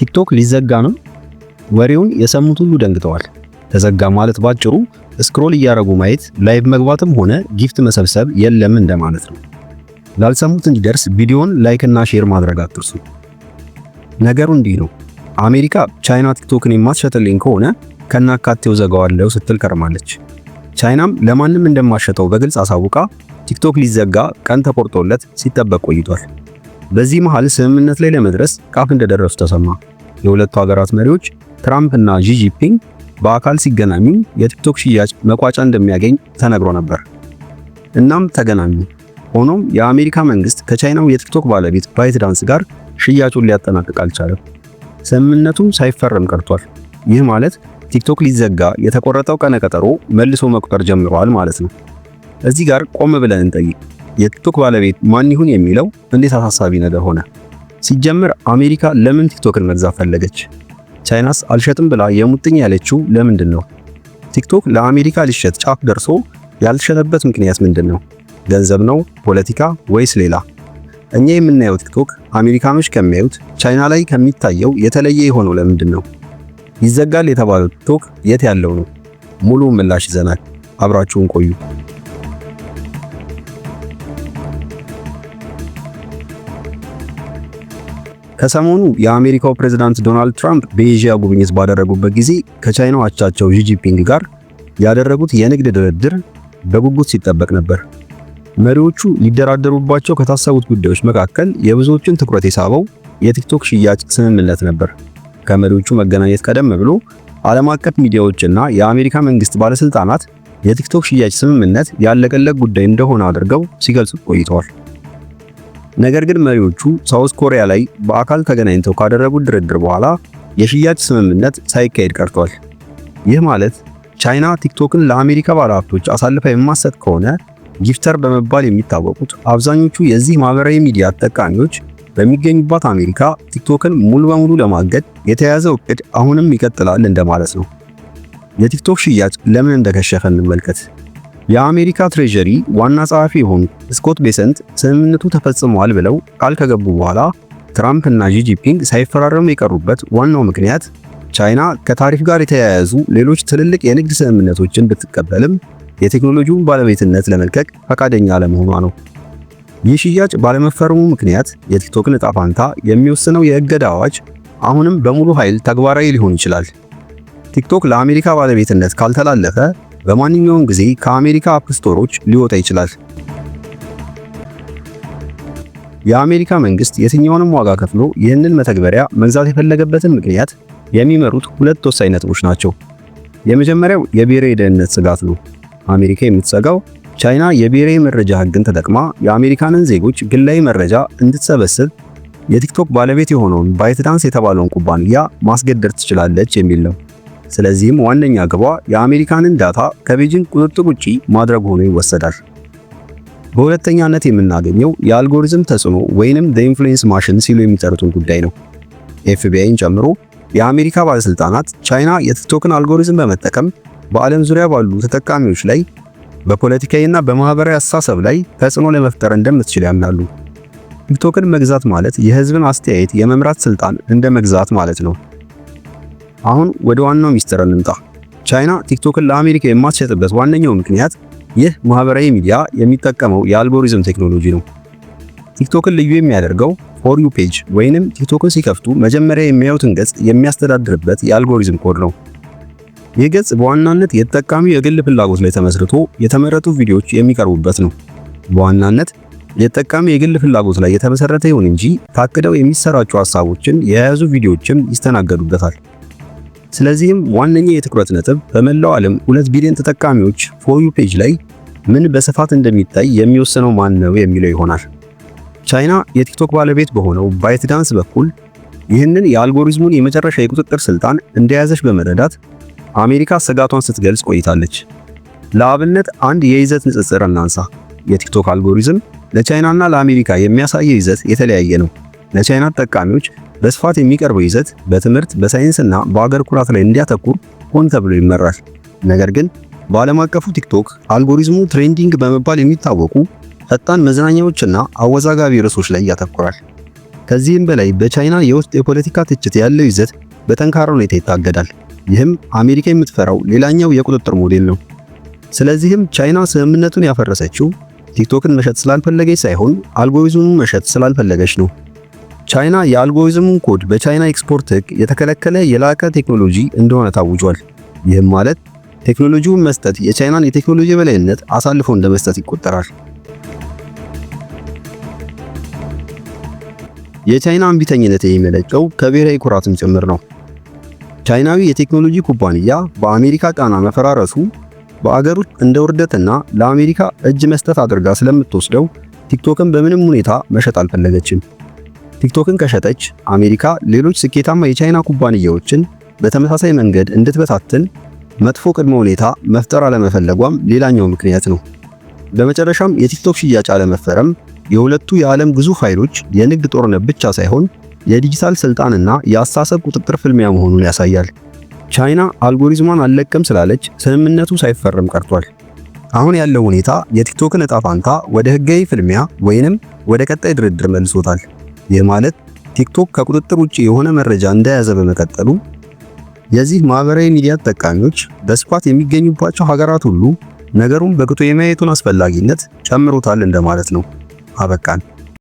ቲክቶክ ሊዘጋ ነው። ወሬውን የሰሙት ሁሉ ደንግጠዋል። ተዘጋ ማለት ባጭሩ ስክሮል እያደረጉ ማየት፣ ላይቭ መግባትም ሆነ ጊፍት መሰብሰብ የለም እንደማለት ነው። ላልሰሙት እንዲደርስ ቪዲዮን ላይክ እና ሼር ማድረግ አትርሱ። ነገሩ እንዲህ ነው። አሜሪካ ቻይና ቲክቶክን የማትሸጥልኝ ከሆነ ከናካቴው ዘጋዋለሁ ስትል ከርማለች። ቻይናም ለማንም እንደማሸጠው በግልጽ አሳውቃ ቲክቶክ ሊዘጋ ቀን ተቆርጦለት ሲጠበቅ ቆይቷል። በዚህ መሃል ስምምነት ላይ ለመድረስ ቃፍ እንደደረሱ ተሰማ። የሁለቱ ሀገራት መሪዎች ትራምፕ እና ጂጂፒንግ በአካል ሲገናኙ የቲክቶክ ሽያጭ መቋጫ እንደሚያገኝ ተነግሮ ነበር። እናም ተገናኙ። ሆኖም የአሜሪካ መንግስት ከቻይናው የቲክቶክ ባለቤት ባይትዳንስ ጋር ሽያጩን ሊያጠናቅቅ አልቻለም። ስምምነቱ ሳይፈረም ቀርቷል። ይህ ማለት ቲክቶክ ሊዘጋ የተቆረጠው ቀነ ቀጠሮ መልሶ መቁጠር ጀምሯል ማለት ነው። እዚህ ጋር ቆም ብለን እንጠይቅ። የቲክቶክ ባለቤት ማን ይሁን የሚለው እንዴት አሳሳቢ ነገር ሆነ? ሲጀምር አሜሪካ ለምን ቲክቶክን መግዛት ፈለገች? ቻይናስ አልሸጥም ብላ የሙጥኝ ያለችው ለምንድን ነው? ቲክቶክ ለአሜሪካ ሊሸጥ ጫፍ ደርሶ ያልሸጠበት ምክንያት ምንድን ነው? ገንዘብ ነው? ፖለቲካ ወይስ ሌላ? እኛ የምናየው ቲክቶክ አሜሪካኖች ከሚያዩት ቻይና ላይ ከሚታየው የተለየ የሆነው ለምንድን ነው? ይዘጋል የተባለው ቲክቶክ የት ያለው ነው? ሙሉ ምላሽ ይዘናል። አብራችሁን ቆዩ። ከሰሞኑ የአሜሪካው ፕሬዝዳንት ዶናልድ ትራምፕ በኤዥያ ጉብኝት ባደረጉበት ጊዜ ከቻይናው አቻቸው ዢጂፒንግ ጋር ያደረጉት የንግድ ድርድር በጉጉት ሲጠበቅ ነበር። መሪዎቹ ሊደራደሩባቸው ከታሰቡት ጉዳዮች መካከል የብዙዎችን ትኩረት የሳበው የቲክቶክ ሽያጭ ስምምነት ነበር። ከመሪዎቹ መገናኘት ቀደም ብሎ ዓለም አቀፍ ሚዲያዎችና የአሜሪካ መንግስት ባለስልጣናት የቲክቶክ ሽያጭ ስምምነት ያለቀለቅ ጉዳይ እንደሆነ አድርገው ሲገልጹ ቆይተዋል። ነገር ግን መሪዎቹ ሳውዝ ኮሪያ ላይ በአካል ተገናኝተው ካደረጉት ድርድር በኋላ የሽያጭ ስምምነት ሳይካሄድ ቀርቷል። ይህ ማለት ቻይና ቲክቶክን ለአሜሪካ ባለሀብቶች አሳልፋ የማሰጥ ከሆነ ጊፍተር በመባል የሚታወቁት አብዛኞቹ የዚህ ማህበራዊ ሚዲያ ተጠቃሚዎች በሚገኙባት አሜሪካ ቲክቶክን ሙሉ በሙሉ ለማገድ የተያዘው እቅድ አሁንም ይቀጥላል እንደማለት ነው። የቲክቶክ ሽያጭ ለምን እንደከሸፈ እንመልከት። የአሜሪካ ትሬዠሪ ዋና ጸሐፊ የሆኑት ስኮት ቤሰንት ስምምነቱ ተፈጽሟል ብለው ቃል ከገቡ በኋላ ትራምፕ እና ጂጂፒንግ ሳይፈራረሙ የቀሩበት ዋናው ምክንያት ቻይና ከታሪፍ ጋር የተያያዙ ሌሎች ትልልቅ የንግድ ስምምነቶችን ብትቀበልም የቴክኖሎጂውን ባለቤትነት ለመልቀቅ ፈቃደኛ አለመሆኗ ነው። ይህ ሽያጭ ባለመፈረሙ ምክንያት የቲክቶክን እጣ ፋንታ የሚወስነው የእገዳ አዋጅ አሁንም በሙሉ ኃይል ተግባራዊ ሊሆን ይችላል። ቲክቶክ ለአሜሪካ ባለቤትነት ካልተላለፈ በማንኛውም ጊዜ ከአሜሪካ አፕ ስቶሮች ሊወጣ ይችላል። የአሜሪካ መንግስት የትኛውንም ዋጋ ከፍሎ ይህንን መተግበሪያ መግዛት የፈለገበትን ምክንያት የሚመሩት ሁለት ወሳኝ ነጥቦች ናቸው። የመጀመሪያው የብሔራዊ ደህንነት ስጋት ነው። አሜሪካ የምትሰጋው ቻይና የብሔራዊ መረጃ ህግን ተጠቅማ የአሜሪካንን ዜጎች ግላዊ መረጃ እንድትሰበስብ የቲክቶክ ባለቤት የሆነውን ባይትዳንስ የተባለውን ኩባንያ ማስገደድ ትችላለች የሚል ነው። ስለዚህም ዋነኛ ግቧ የአሜሪካንን ዳታ ከቤጂንግ ቁጥጥር ውጪ ማድረግ ሆኖ ይወሰዳል። በሁለተኛነት የምናገኘው የአልጎሪዝም ተጽዕኖ ወይንም ዘ ኢንፍሉዌንስ ማሽን ሲሉ የሚጠሩትን ጉዳይ ነው። ኤፍቢአይን ጨምሮ የአሜሪካ ባለስልጣናት ቻይና የቲክቶክን አልጎሪዝም በመጠቀም በዓለም ዙሪያ ባሉ ተጠቃሚዎች ላይ በፖለቲካዊና በማህበራዊ አስተሳሰብ ላይ ተጽዕኖ ለመፍጠር እንደምትችል ያምናሉ። ቲክቶክን መግዛት ማለት የህዝብን አስተያየት የመምራት ስልጣን እንደ መግዛት ማለት ነው። አሁን ወደ ዋናው ሚስጥር እንምጣ። ቻይና ቲክቶክን ለአሜሪካ የማትሸጥበት ዋነኛው ምክንያት ይህ ማህበራዊ ሚዲያ የሚጠቀመው የአልጎሪዝም ቴክኖሎጂ ነው። ቲክቶክን ልዩ የሚያደርገው ፎር ዩ ፔጅ ወይንም ቲክቶክን ሲከፍቱ መጀመሪያ የሚያዩትን ገጽ የሚያስተዳድርበት የአልጎሪዝም ኮድ ነው። ይህ ገጽ በዋናነት የተጠቃሚው የግል ፍላጎት ላይ ተመስርቶ የተመረጡ ቪዲዮዎች የሚቀርቡበት ነው። በዋናነት የተጠቃሚው የግል ፍላጎት ላይ የተመሰረተ ይሁን እንጂ ታቅደው የሚሰራጩ ሀሳቦችን የያዙ ቪዲዮዎችም ይስተናገዱበታል። ስለዚህም ዋነኛ የትኩረት ነጥብ በመላው ዓለም 2 ቢሊዮን ተጠቃሚዎች ፎር ዩ ፔጅ ላይ ምን በስፋት እንደሚታይ የሚወሰነው ማን ነው የሚለው ይሆናል። ቻይና የቲክቶክ ባለቤት በሆነው ባይት ዳንስ በኩል ይህንን የአልጎሪዝሙን የመጨረሻ የቁጥጥር ስልጣን እንደያዘች በመረዳት አሜሪካ ስጋቷን ስትገልጽ ቆይታለች። ለአብነት አንድ የይዘት ንጽጽር እናንሳ። የቲክቶክ አልጎሪዝም ለቻይናና ለአሜሪካ የሚያሳየው ይዘት የተለያየ ነው። ለቻይና ተጠቃሚዎች በስፋት የሚቀርበው ይዘት በትምህርት በሳይንስና በአገር ኩራት ላይ እንዲያተኩር ሆን ተብሎ ይመራል። ነገር ግን በዓለም አቀፉ ቲክቶክ አልጎሪዝሙ ትሬንዲንግ በመባል የሚታወቁ ፈጣን መዝናኛዎችና አወዛጋቢ ርዕሶች ላይ ያተኩራል። ከዚህም በላይ በቻይና የውስጥ የፖለቲካ ትችት ያለው ይዘት በጠንካራ ሁኔታ ይታገዳል። ይህም አሜሪካ የምትፈራው ሌላኛው የቁጥጥር ሞዴል ነው። ስለዚህም ቻይና ስምምነቱን ያፈረሰችው ቲክቶክን መሸጥ ስላልፈለገች ሳይሆን አልጎሪዝሙን መሸጥ ስላልፈለገች ነው። ቻይና የአልጎሪዝሙን ኮድ በቻይና ኤክስፖርት ህግ የተከለከለ የላቀ ቴክኖሎጂ እንደሆነ ታውጇል። ይህም ማለት ቴክኖሎጂውን መስጠት የቻይናን የቴክኖሎጂ የበላይነት አሳልፎ እንደመስጠት ይቆጠራል። የቻይና እምቢተኝነት የሚመለጨው ከብሔራዊ ኩራትም ጭምር ነው። ቻይናዊ የቴክኖሎጂ ኩባንያ በአሜሪካ ጫና መፈራረሱ በአገር እንደ ውርደትና ለአሜሪካ እጅ መስጠት አድርጋ ስለምትወስደው ቲክቶክን በምንም ሁኔታ መሸጥ አልፈለገችም። ቲክቶክን ከሸጠች አሜሪካ ሌሎች ስኬታማ የቻይና ኩባንያዎችን በተመሳሳይ መንገድ እንድትበታትን መጥፎ ቅድመ ሁኔታ መፍጠር አለመፈለጓም ሌላኛው ምክንያት ነው። በመጨረሻም የቲክቶክ ሽያጭ አለመፈረም የሁለቱ የዓለም ግዙፍ ኃይሎች የንግድ ጦርነት ብቻ ሳይሆን የዲጂታል ስልጣንና የአስተሳሰብ ቁጥጥር ፍልሚያ መሆኑን ያሳያል። ቻይና አልጎሪዝሟን አልለቅም ስላለች ስምምነቱ ሳይፈረም ቀርቷል። አሁን ያለው ሁኔታ የቲክቶክን እጣ ፋንታ ወደ ሕጋዊ ፍልሚያ ወይንም ወደ ቀጣይ ድርድር መልሶታል። ይህ ማለት ቲክቶክ ከቁጥጥር ውጭ የሆነ መረጃ እንደያዘ በመቀጠሉ የዚህ ማህበራዊ ሚዲያ ተጠቃሚዎች በስፋት የሚገኙባቸው ሀገራት ሁሉ ነገሩን በቅጡ የማየቱን አስፈላጊነት ጨምሮታል እንደማለት ነው። አበቃን።